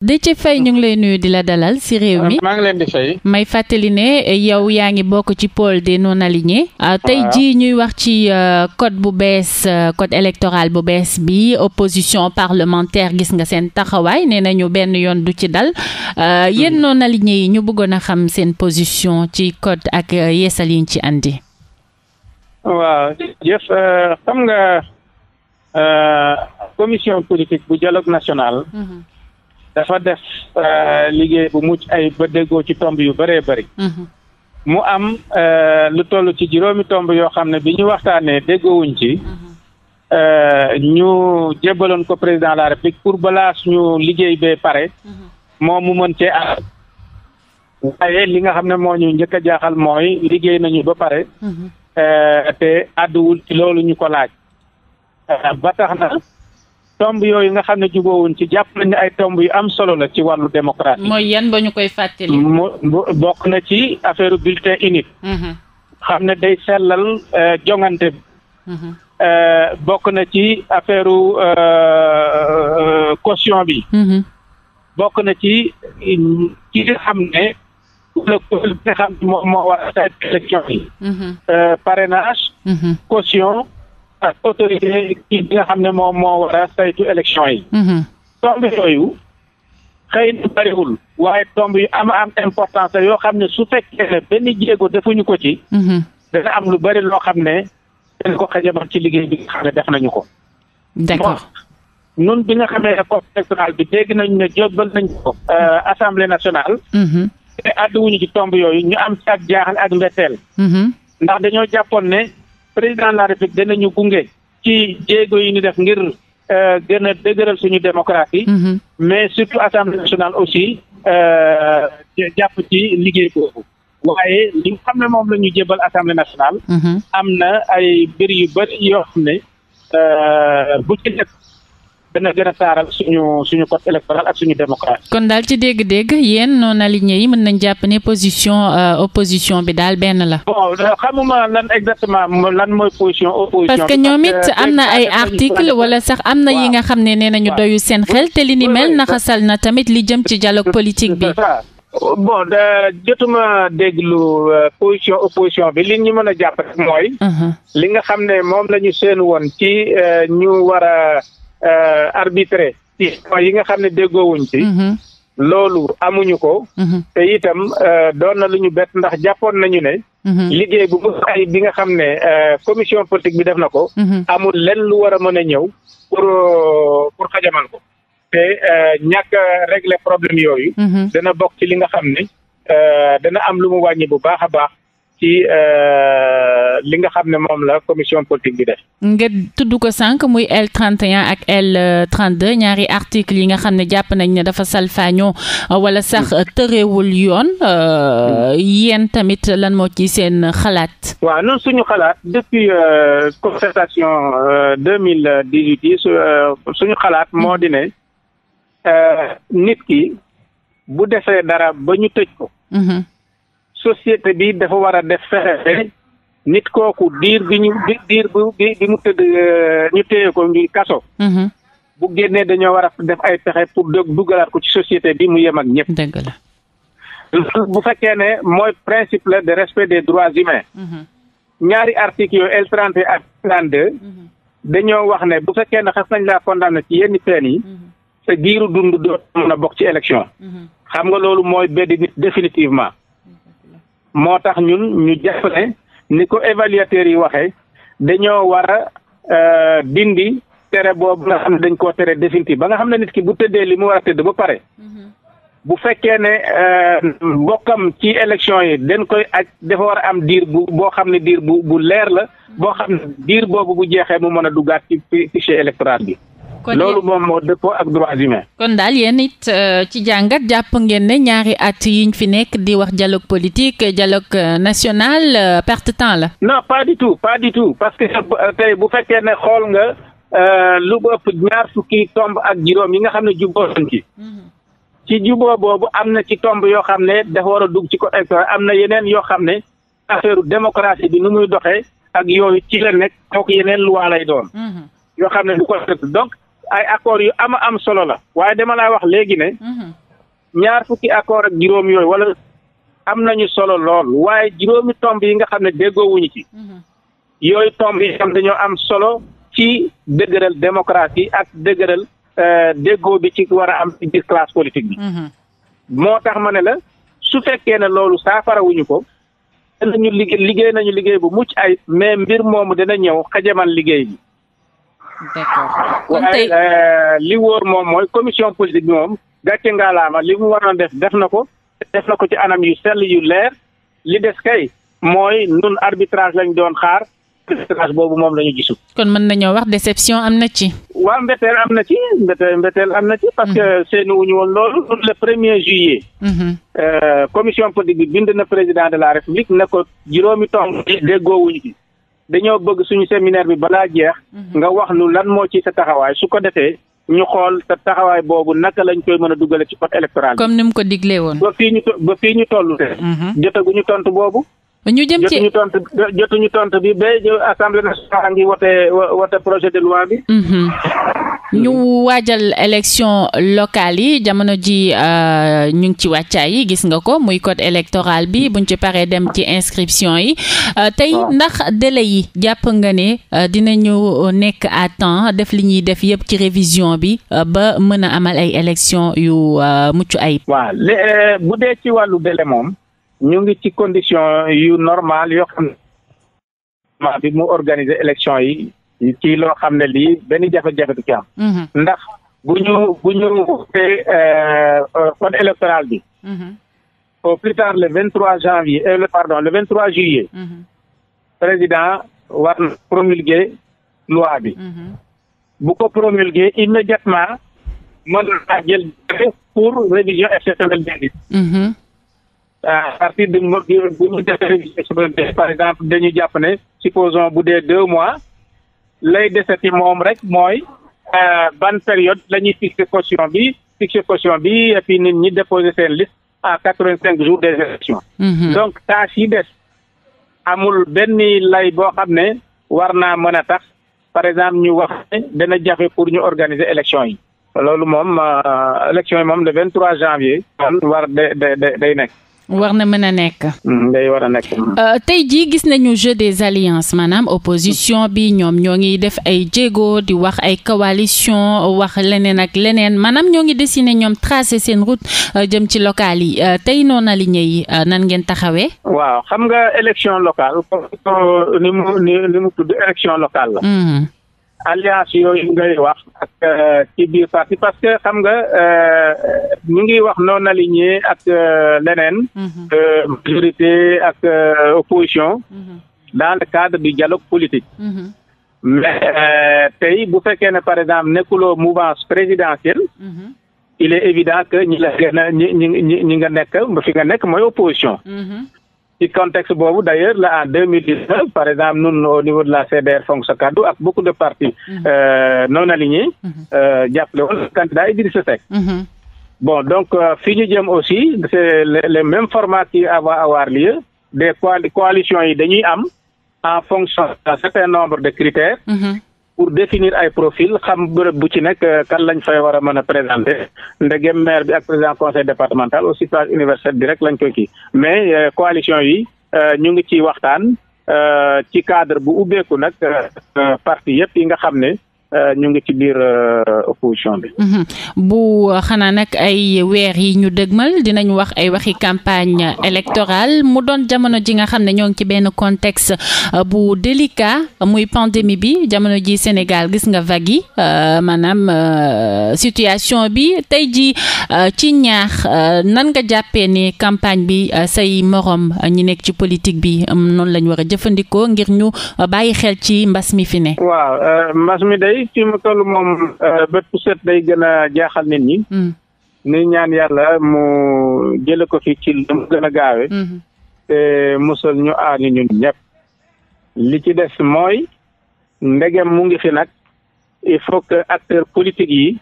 Déthié Faye ñu ngi lay nuyu di la dalal ci réew mi maa ngi leen di fay. may fàttali ne yow yaa ngi bokk ci pôle des non alignés. Euh, tey jii ñuy wax ci euh, code bu bees euh, code électoral bu bees bi opposition parlementaire gis nga seen taxawaay nee nañu benn yoon du ci dal yéen mm-hmm. non alignés yi ñu bëggoon a xam seen position ci code ak yeesal yiñ ci andi. waaw dafa def euh, liggéey bu mucc ay ba déggoo ci tomb yu bëree bëri. Mhm. mu am euh, lu toll ci juróomi tomb yoo xam ne bi ñu waxtaanee déggoowuñ ci. Mhm. Euh, ñu jébbaloon ko président de la république pour balaa suñu liggéey bee pare. Mhm. moom mu mën cee àll. waaye li nga xam ne moo ñu njëkk jaaxal mooy liggéey nañu ba pare. te àdduwul ci loolu ñu ko laaj. ba tax na. tomb yooyu nga xam ne jubóowuñ ci jàpp nañ ne ay tomb yu am solo la ci wàllu démocratie. mooy yan ba ñu koy fàttali. mu bokk na ci affaire bulletin unique. Mm-hmm. xam ne day sellal euh, jongante mm-hmm. euh, bokk na ci affaire euh, caution bi. Mm-hmm. bokk na ci ki xam ne moo war a élection yi. parrainage. caution. ak autorité kii bi nga xam ne moom moo war a saytu élection yi. Mhm. tomb yooyu xëy na bariwul waaye tomb yu am am importance la yoo xam ne su fekkee ne benn jéego defuñu ko ci. Mhm. dana am lu bari loo xam ne dana ko xajamal ci liggéey bi nga xam ne def nañu ko. d'accord nun bi nga xamee ne code électoral bi dégg nañu ne jóbbal nañu ko. Euh, assemblée nationale. Mhm. te àdduwuñu ci tomb yooyu ñu am ci ak jaaxal ak mbetteel. ndax dañoo jàppoon ne. président de la république danañu gunge ci jéego yi ñu def ngir euh, gën a dëgëral suñu démocratie mm-hmm. mais surtout assemblée nationale aussi euh, jàpp ci liggéey boobu waaye li nga xam ne moom la ñu jébal nationale mm-hmm. am na ay mbir yu bëri yoo xam ne euh, bu ci nekk dana gën a taaral suñu suñu code électoral ak suñu démocratie. kon daal ci dégg-dégg yéen non aligné yi mën nañ jàpp ne position euh, bi daal benn la. bon euh, xamuma lan exactement lan mooy position opposition. parce que ñoom it am na ay article wala sax am na yi nga xam ne nee doyu seen xel te li ni mel naxasal na tamit li jëm ci dialogue politique bi. bon jotuma déglu euh, position opposition bi li ñu mën a jàpp rek mooy. Uh-huh. li nga xam ne moom la seen woon ci ñu war a Euh, arbitré ci yi nga xam ne déggoowuñ ci mhm. loolu amuñu ko mhm. te itam euh, doon na lu ñu bett ndax jàppoon nañu ne mhm. liggéey bu mu ay bi nga xam ne euh, commission politique bi def na ko amul lenn lu war a mën a ñëw pour pour xajamal ko te ñàkk régler problème yooyu dana bokk ci li nga xam ne dana am lu mu wàññi bu baax a baax ci euh, li nga xam ne moom la commission politique bi de nga tudd ko sànq muy L 31 ak L 32 ñaari article yi nga xam ne jàpp nañ ne dafa salfaañoo euh, wala sax tërewul yoon euh, yéen tamit lan moo ci seen xalaat. waaw noonu suñu xalaat depuis concertation 2018 yi suñu xalaat moo di ne nit ki bu defee dara ba ñu tëj ko. Mm-hmm. société bi dafa war a def fexe nit kooku diir bi ñu diir bi bi mu tëdd euh, ñu téye ko ñu kaso. Mm-hmm. bu génnee dañoo war a def ay fexe pour duggalaat ko ci société bi mu yem ak ñëpp. dëgg la bu fekkee ne mooy principe la de respect des droits humains. Mm-hmm. ñaari articles yooyu L trente et ak trente deux. Mm-hmm. dañoo wax ne bu fekkee ne xas nañ laa condamné ci yenn peine yi. sa giiru dund doo mën a bokk ci élection. xam nga loolu mooy beddi nit définitivement. moo tax ñun ñu jàpp ne ni ko évaluateurs yi waxee dañoo war a euh, dindi tere boobu nga xam ne dañ koo tere définitive ba nga xam ne nit ki bu tëddee li mu war a tëdd ba pare mm-hmm. bu fekkee ne euh, bokkam ci élection yi dañ koy aj dafa war am diir bu boo xam ne diir bu bu leer la boo xam ne diir boobu bu jeexee mu mën a duggaat ci fichier électoral bi loolu moom moo dëppoo ak droits kon daal yéen it euh, ci jàngat jàpp ngeen ne ñaari at yiñ fi nekk di wax dialogue politique dialogue euh, national euh, perte temps la. non pas du tout pas du tout parce que tey bu fekkee ne xool nga lu ëpp ñaar fukki tomb ak juróom yi nga xam ne jubboon ci. Mm-hmm. ci juboo boobu am na ci tomb yoo xam ne dafa war a dugg ci ko électoral am na yeneen yoo xam ne affaire démocratie bi nu muy doxee ak yooyu ci la nekk kooku yeneen luwaa lay ay accords yu ama am solo la waaye dama laa wax léegi ne mhm. ñaar fukki accord ak juróom yooyu wala am nañu solo lool waaye juróomi tomb yi nga xam ne déggoowuñu ci mhm. yooyu tomb yi xam dañoo am solo ci dëgëral démocratie ak dëgëral euh, déggoo bi ci war a am ci biir classe politique bi mhm. moo tax ma ne la su fekkee ne loolu saafara saafarawuñu ko danañu liggéey liggéey nañu liggéey bu mucc ay mais mbir moomu dana ñëw xajamal liggéey bi d'accord kon tey euh, li woor moom mooy commission politique bi moom gàcce ngaalaama li mu waroon def def na ko def na ko ci anam yu sell yu leer li des kay mooy nun arbitrage lañ doon xaar arbitrage boobu moom la ñu gisul kon mën nañoo wax déception am na ci waaw mbetteel am na ci mbetteel mbetteel am na ci parce que mhm. seeni wuñu woon loolu le premier juillet mhm. euh, commission politique bi bind na président de la république ne ko juróomi tomb déggoo wuñu ci dañoo bëgg suñu séminaire bi balaa jeex. Mhm. nga wax nu lan moo ci sa taxawaay su ko defee ñu xool sa taxawaay boobu naka lañ koy mën a duggale ci code électoral bi. comme ni mu ko diglee woon. ba fi ñu ba fii ñu toll te. Mhm. jotaguñu tontu boobu. ñu jëm ci jotuñu tontu bi ba assemblée nationale ngi wote projet de loi bi. Mhm. ñu waajal élection locale yi jamono ji euh, ñu ngi ci wàccaay yi gis nga ko muy code électoral bi buñ ci paree dem ci inscription yi euh, tey ndax délai yi jàpp nga ne dina euh, dinañu nekk à temps def li ñuy def yëpp ci révision bi ba mën a amal ay élection yu mucc ay waaw bu dee ci wàllu délai moom. ñu ngi ci condition yu normal yoo xam ne mu organiser élection yi ci loo xam ne lii benn jafe-jafe du ci am mhm. ndax bu ñu bu ñu wutee euh, euh, électoral bi mhm. au plus tard le vingt trois janvier euh, pardon le vingt trois juillet mhm. président war na loi bi bu ko promulguer immédiatement mën naa jël pour révision exceptionnelle des listes Euh, à partir de bu ñu defee par exemple dañu jàpp ne supposons bu dee deux mois lay desati moom rek mooy euh, ban période la ñuy fixer caution bi fixer caution bi et puis nit ñi déposer seen liste à quatre vingt cinq jours des élections mm-hmm. donc tâche yi des amul benn lay boo xam ne war naa mën a tax par exemple ñu wax ne dana jafe pour ñu organiser élections yi loolu moom euh, élection yi moom le vingt trois janvier kon war day day day nekk war na mën a nekk. Mm, day war a nekk. Euh, tey jii gis nañu jeu des alliances maanaam opposition bi ñoom ñoo ngi def ay jéego di wax ay coalition wax leneen ak leneen maanaam ñoo ngi dessiner ñoom tracer seen route euh, jëm ci local yi euh, tey noonu aligné yi nan ngeen taxawee. waaw xam nga élection locale ni mu tudd élection locale la. Mm-hmm. alliance yooyu ngay wax ak euh, ci biir parti parce que xam nga euh, ñu ngi wax non aligné ak euh, leneen mhm. majorité ak opposition mhm. dans le cadre du dialogue politique mhm. mais tey bu fekkee ne par exemple nekkuloo mouvance présidentielle il est évident que ñi la gën a ñi ñi ñi nga nekk fi nga nekk mooy opposition ci contexte boobu d'ailleurs là en deux mille dix-neuf par exemple ñun au niveau de la CDR Fonk Sa Kàddu ak beaucoup de partis mhm. euh, non alignés mhm. euh, jàppale woon candidat Idrissa mhm. bon donc euh, fii ñu jëm aussi c'est le même format qui va avoir lieu des coalitions yi dañuy am en fonction d'un certain nombre de critères pour définir ay profil xam bërëb bu ci nekk euh, kan lañ fay war a mën a présenter ndegem maire bi ak président conseil départemental au suffrage universel bi rek lañ koy ki mais euh, coalition yi euh, ñu ngi ci waxtaan ci cadre bu ubbeeku nag parti yëpp yi nga xam ne Euh, ñu ngi ci biir euh, opposition bi. Mhm. bu xanaa nag ay weer yi ñu dëgmal dinañu wax ay waxi campagne électorale mu doon jamono ji nga xam ne ñoo ngi ci benn contexte euh, bu délicat muy pandémie bi jamono ji Sénégal gis nga vague yi maanaam situation bi tey ji ci ñaax nan nga jàppee ne campagne bi say morom ñi nekk ci politique bi noonu lañ war a jëfandikoo ngir ñu bàyyi xel ci mbas mi fi ne. waaw mbas mi day day fi moom euh, bët bu set day gën a jaaxal nit ñi. Mm. nuy ñaan yàlla mu jële ko fi ci lu mu gën a gaawe mm-hmm. te musal ñu aar ñu ñun ñëpp. li ci des mooy ndegem mu ngi fi nag il faut que acteurs politiques yi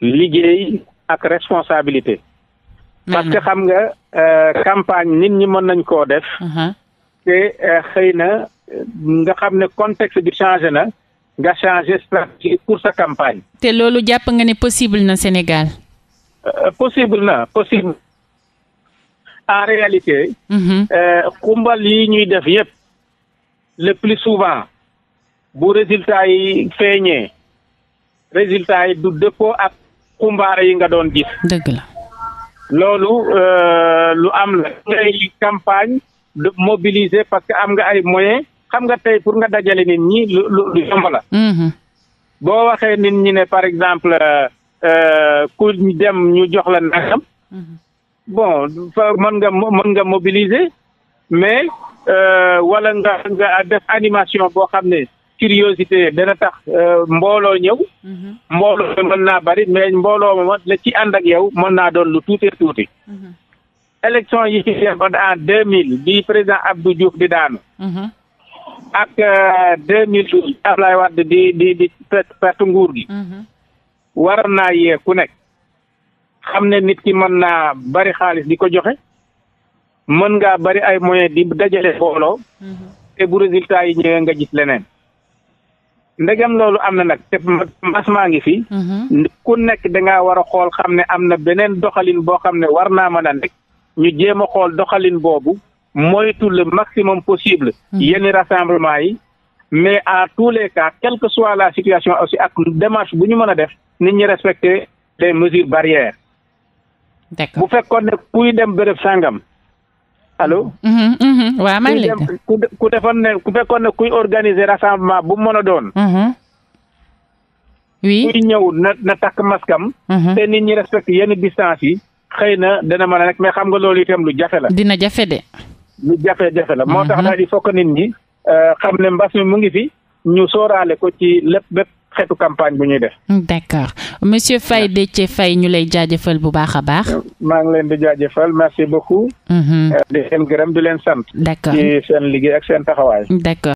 liggéey ak responsabilité. Mm-hmm. parce que xam nga euh, campagne nit ñi mën nañ koo def. Mm-hmm. te euh, xëy na nga xam ne contexte bi changé na. nga changé stratégie pour sa campagne. te loolu jàpp nga ne possible na Sénégal. Euh, possible na possible. en réalité. xumbal mhm. euh, yi ñuy def yépp le plus souvent bu résultat yi feeñee résultat yi du dëppoo ak xumbaare yi nga doon gis. dëgg loolu euh, lu am la. ngay campagne de mobiliser parce que am nga ay moyens. xam nga tey pour nga dajale nit ñi lu lu yomb la. Mm-hmm. boo waxee nit ñi ne par exemple euh, euh, ku dem ñu jox la nangam. Mm-hmm. bon mën nga mën nga mobiliser mais euh, wala nga nga def animation boo xam ne curiosité dana tax mbooloo ñëw. Mm-hmm. mbooloo mën naa bari mais mbooloo ma la ci ànd ak yow mën naa doon lu tuuti tuuti. élection yi ci demoon en deux mille bi président Abdou di daanu. ak 2012 euh, Ablaye Wade di di di perte nguur gi. Mm-hmm. war naa yee ku nekk xam ne nit ki mën naa bari xaalis di ko joxe mën ngaa bari ay moyens di dajale booloo mm-hmm. te bu résultat yi ñëwee nga gis leneen ndegam loolu am na nag te maa ngi fi mm-hmm. ku nekk dangaa war a xool xam ne am na beneen doxalin boo xam ne war naa mën a nekk ñu jéem a xool doxalin boobu moytu le maximum possible mm-hmm. yenn rassemblement yi mais à tous les cas quelle que soit la situation aussi ak démarche bu ñu mën a def nit ñi respecter les mesures barrières bu fekkoon ne kuy dem béréb sàngam allo mm-hmm, mm-hmm. waaw man la ku defoon ku fekkoon ne kuy organiser rassemblement bu mën a doon oui kuy ñëw na na takk maskam te nit ñi respecter yenn distance yi xëy na dana mën a nekk mais xam nga loolu itam lu jafe la dina jafe de lu jafe-jafe la. moo tax mhm. daal il nit ñi euh, xam ne mbas mi mu ngi fi ñu sóoraale ko ci lépp bépp xeetu campagne bu ñuy def. d'accord monsieur Faye Déthié Faye ñu lay jaajëfal bu baax a baax. maa ngi leen di jaajëfal merci beaucoup. Mhm. Euh, di leen gërëm di leen sant. d'accord ci seen liggéey ak seen taxawaay. d'accord.